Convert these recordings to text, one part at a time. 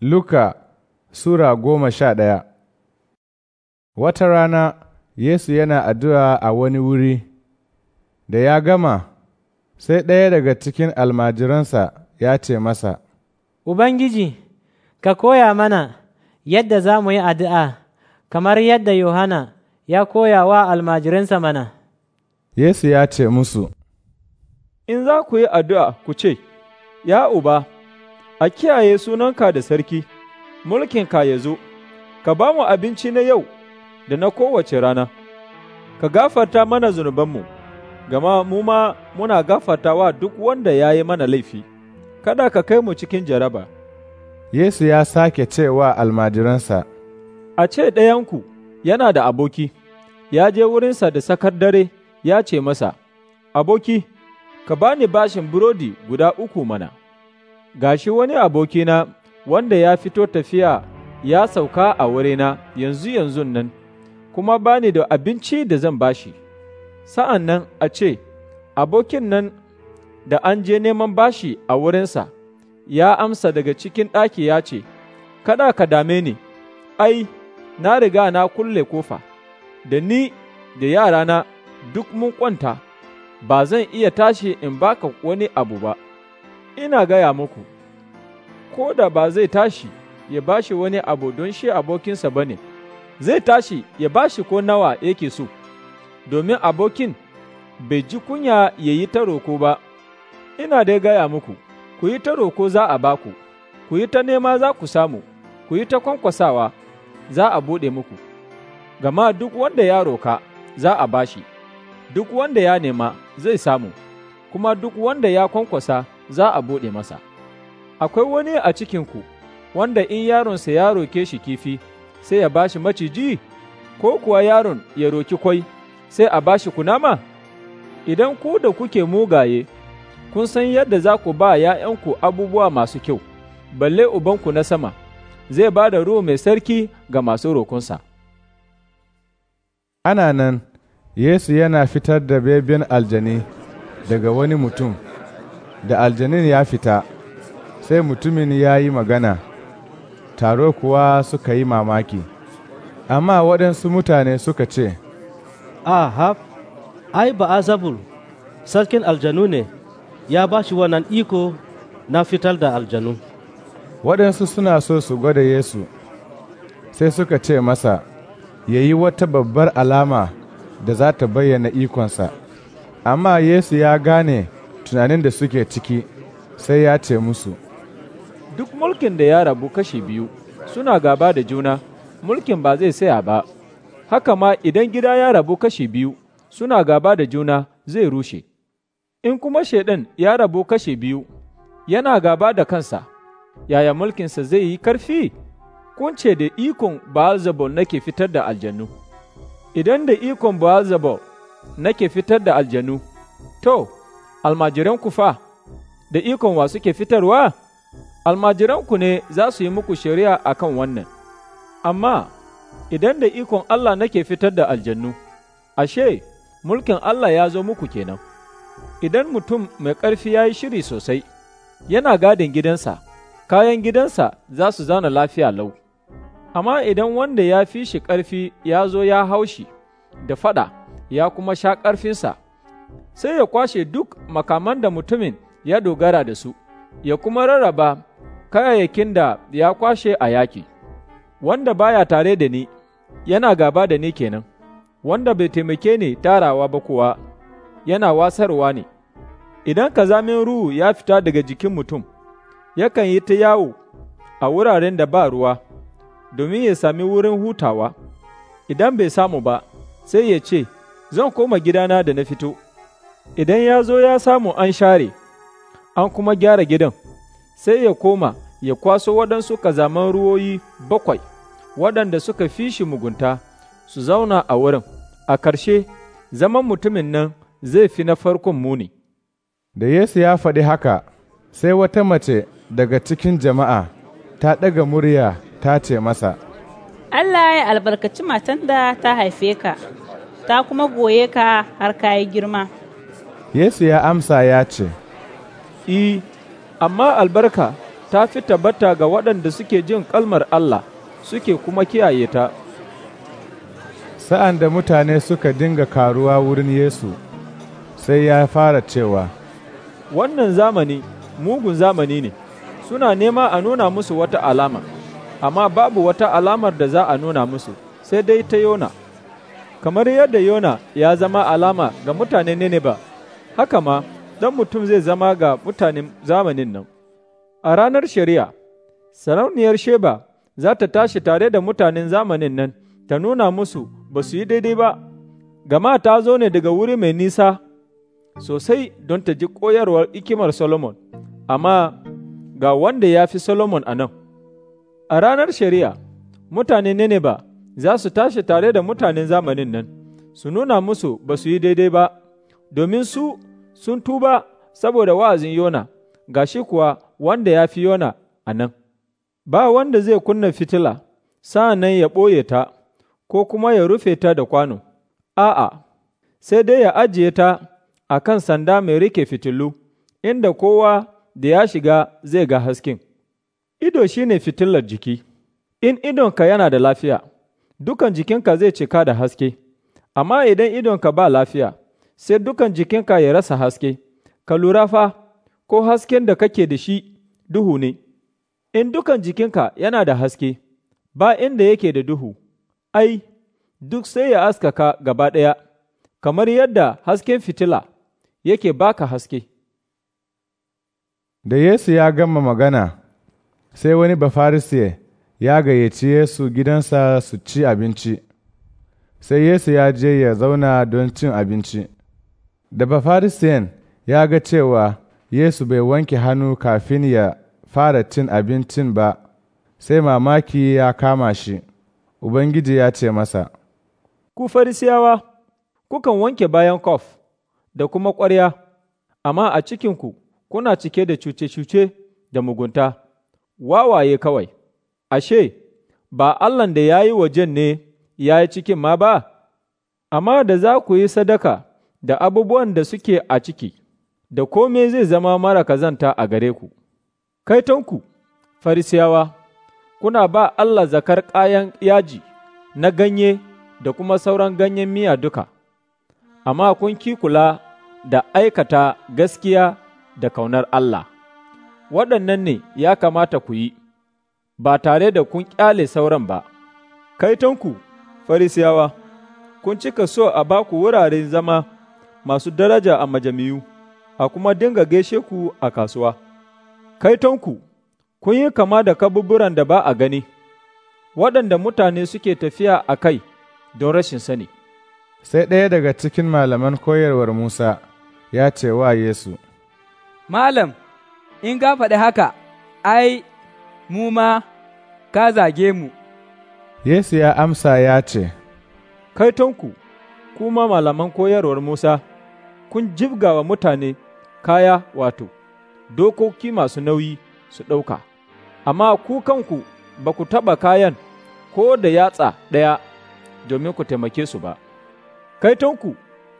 Luka Sura goma sha ɗaya Wata rana Yesu yana addu'a a wani wuri, da ya gama, sai ɗaya daga cikin almajiransa ya ce masa, Ubangiji, ka koya mana yadda za mu yi addu'a, kamar yadda Yohana ya koya wa almajiransa mana. Yesu ya ce musu, In za ku yi addu'a ku ce, Ya Uba, a kiyaye sunanka da sarki, mulkinka ya zo, ka ba mu abinci na yau da na kowace rana, ka gafarta mana zunubanmu, gama mu ma muna wa duk wanda ya yi mana laifi, kada ka kai mu cikin jaraba. Yesu ya sake cewa almajiransa, A ce ɗayanku yana da aboki, ya je wurinsa da sakar dare ya ce masa, Aboki, ka bani bashin burodi guda uku mana. gashi wani abokina wanda ya fito tafiya ya sauka a wurina yanzu yanzu nan, kuma ba ni da abinci da zan bashi, sa'an nan a ce, abokin nan da an je neman bashi a wurinsa, ya amsa daga cikin ɗaki ya ce, Kada ka dame ni, ai, na riga na kulle kofa, da ni da yarana duk mun kwanta, ba zan iya tashi in baka wani abu ba. ina gaya muku, ko da ba zai tashi ya ba shi wani abu don shi abokinsa ba ne, zai tashi ya ba shi ko nawa yake so, domin abokin bai ji kunya ya yi ta roko ba, ina dai gaya muku, ku yi ta roko za a ba ku yi ta nema za ku samu, ku yi ta kwankwasawa za a buɗe muku, gama duk wanda ya roka za a ba shi duk wanda ya nema zai samu, kuma duk wanda ya kwankwasa za a buɗe masa. Akwai wani a cikinku wanda in yaronsa ya roke shi kifi sai ya bashi maciji, ko kuwa yaron ya roki kwai sai a bashi kunama? Idan ku da kuke mugaye, kun san yadda za ku ba ’ya'yanku abubuwa masu kyau, balle ubanku na sama, zai ba da ruwa mai sarki ga masu rokunsa. Ana nan, Yesu yana fitar da bebin aljani daga wani mutum. da aljanin ya fita sai mutumin ya yi magana taro kuwa suka yi mamaki amma waɗansu mutane suka ce aha ai ba azabul sarkin aljanu ne ya ba shi wannan iko na fitar da aljanu waɗansu suna so su gwada yesu sai suka ce masa ya yi wata babbar alama da za ta bayyana ikonsa amma yesu ya gane tunanin da suke ciki sai ya ce musu duk mulkin da ya rabu kashi biyu suna gaba da juna mulkin ba zai saya ba haka ma idan gida ya rabu kashi biyu suna gaba da juna zai rushe in kuma shaidan ya rabu kashi biyu yana gaba da kansa yaya mulkinsa zai yi karfi kun ce da ikon baal nake fitar da aljanu idan da ikon baal nake fitar da aljanu to almajiran ku fa, da ikon wa suke fitarwa, almajiranku ne za su yi muku shari'a a kan wannan, amma idan da ikon Allah nake fitar da aljannu, ashe, mulkin Allah ya zo muku kenan. Idan mutum mai ƙarfi ya yi shiri sosai, yana gadin gidansa, kayan gidansa za su zana lafiya lau. Amma idan wanda ya fi shi ƙarfi ya zo ya haushi da fada ya kuma sha ƙarfinsa, sai ya kwashe duk makaman da mutumin ya dogara da su, ya kuma rarraba kayayyakin da ya kwashe a yaki, wanda baya tare da ni, yana gaba da ni kenan, wanda bai taimake ni tarawa ba kuwa yana wasarwa ne. Idan kazamin ruhu ya fita daga jikin mutum, yakan yi ta yawo a wuraren da ba ruwa, domin ya sami wurin hutawa, idan bai samu ba, sai ya ce, Zan koma gidana da na fito. idan ya zo ya samu an share, an kuma gyara gidan, sai ya koma ya kwaso waɗansu kazaman ruwoyi bakwai waɗanda suka fi shi mugunta su zauna a wurin, a ƙarshe zaman mutumin nan zai fi na farkon muni. Da Yesu ya faɗi haka, sai wata mace daga cikin jama'a ta ɗaga murya ta ce masa, Allah ya albarkaci matan da ta haife ka, ta kuma goye ka har ka yi girma. Yesu ya amsa ya ce, I, e, amma albarka ta fi tabbata ga waɗanda suke jin kalmar Allah suke kuma kiyaye ta. Sa'an da mutane suka dinga karuwa wurin Yesu, sai ya fara cewa, Wannan zamani mugun zamani ne, suna nema a nuna musu wata alama, amma babu wata alamar da za a nuna musu, sai dai ta Yona. Kamar yadda Yona ya zama alama ga mutane ne ba. haka ma don mutum zai zama ga mutanen zamanin nan. A ranar shari'a, sarauniyar Sheba za ta tashi tare da mutanen zamanin nan ta nuna musu ba su yi daidai ba, gama ta zo ne daga wuri mai nisa sosai don ta ji koyarwar ikimar Solomon, amma ga wanda ya fi Solomon a nan. A ranar shari'a, mutanen Nineba za su tashi tare da mutanen zamanin nan, su nuna musu ba su yi daidai ba. domin su sun tuba saboda wa'azin Yona, ga shi kuwa wanda ya fi Yona a nan. Ba wanda zai kunna fitila, sa'an nan ya ɓoye ta, ko kuma ya rufe ta da kwano, a'a, sai dai ya ajiye ta a kan sanda mai rike fitilu, inda kowa da ya shiga zai ga hasken. Ido shi ne fitilar jiki, in idonka yana da lafiya, dukan jikinka zai cika da haske, amma idan idonka ba lafiya, sai dukan jikinka ya rasa haske, ka lura fa, ko hasken da kake da shi duhu ne, in dukan jikinka yana da haske, ba inda yake da duhu, ai, duk sai ya askaka gaba ɗaya, kamar yadda hasken fitila yake baka haske. Da Yesu ya gama magana, sai wani bafarisiye ya gayyaci Yesu gidansa su ci abinci, sai Yesu ya je ya zauna don cin abinci. Da bafarisiyan ya ga cewa Yesu bai wanke hannu kafin ya fara cin abincin ba, sai mamaki ya kama shi, Ubangiji ya ce masa, Ku farisiyawa, kukan wanke bayan kof da kuma kwarya amma a cikinku kuna cike da cuce-cuce da mugunta, wawaye kawai, ashe, ba Allahn da ya yi wajen ne ya yi cikin ma ba, amma da za ku yi sadaka. da abubuwan da suke a ciki, da kome zai zama mara kazanta a gare ku. Kaitonku, Farisiyawa, kuna ba Allah zakar kayan yaji na ganye da kuma sauran ganyen miya duka, amma kun ki kula da aikata gaskiya da kaunar Allah. Waɗannan ne ya kamata ku yi, ba tare da kun ƙyale sauran ba. Kaitonku, Farisiyawa, kun cika so a baku wuraren zama. masu daraja a majami'u, a kuma dinga gaishe ku a kasuwa. Kaitonku, kun yi kama da kabuburan da ba a gani, waɗanda mutane suke tafiya a kai don rashin sani. Sai ɗaya daga cikin malaman koyarwar Musa ya ce wa Yesu, Malam, in ga faɗi haka, ai, mu ma ka zage mu. Yesu ya amsa ya ce, Kaitonku, kuma malaman koyarwar Musa, kun jibgawa mutane kaya wato, dokoki masu nauyi su ɗauka, amma ku kanku ba ku taɓa kayan ko da yatsa ɗaya domin ku taimake su ba. Kaitonku,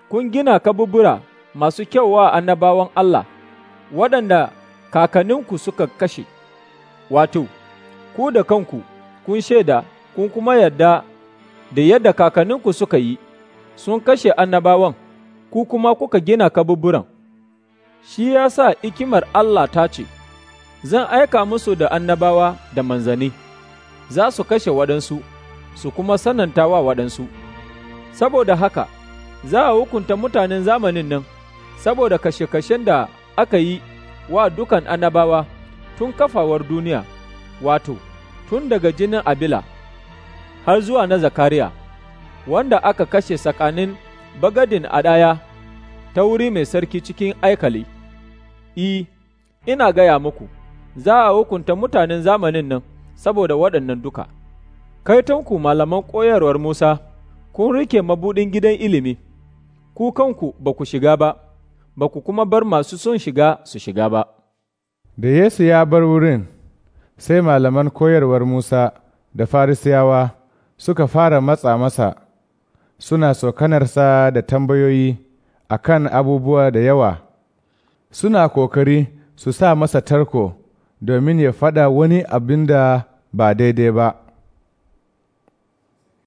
kun gina kabubura masu kyau wa annabawan Allah, waɗanda kakanninku suka kashe, wato, ku da kanku kun shaida kun kuma yadda da yadda kakanninku suka yi. sun kashe annabawan, ku kuma kuka gina kaburburan. Shi ya sa ikimar Allah ta ce, Zan aika musu da annabawa da manzani za su kashe waɗansu, su kuma sananta wa waɗansu. Saboda haka, za a hukunta mutanen zamanin nan, saboda kashe-kashen da aka yi wa dukan annabawa tun kafawar duniya, wato, tun daga jinin Abila har zuwa na Zakariya. wanda aka kashe tsakanin bagadin a ɗaya ta wuri mai sarki cikin aikali, I, ina gaya muku, za a hukunta mutanen zamanin nan saboda waɗannan duka. Kaitonku malaman koyarwar Musa, kun rike mabuɗin gidan ilimi, ku kanku ba ku shiga ba, ba ku kuma bar masu son shiga su shiga ba. Da Yesu ya bar wurin, sai malaman koyarwar Musa da Farisiyawa suka fara matsa masa. suna sokanarsa da tambayoyi a kan abubuwa da yawa, suna kokari su sa masa tarko domin ya faɗa wani abin da ba daidai ba.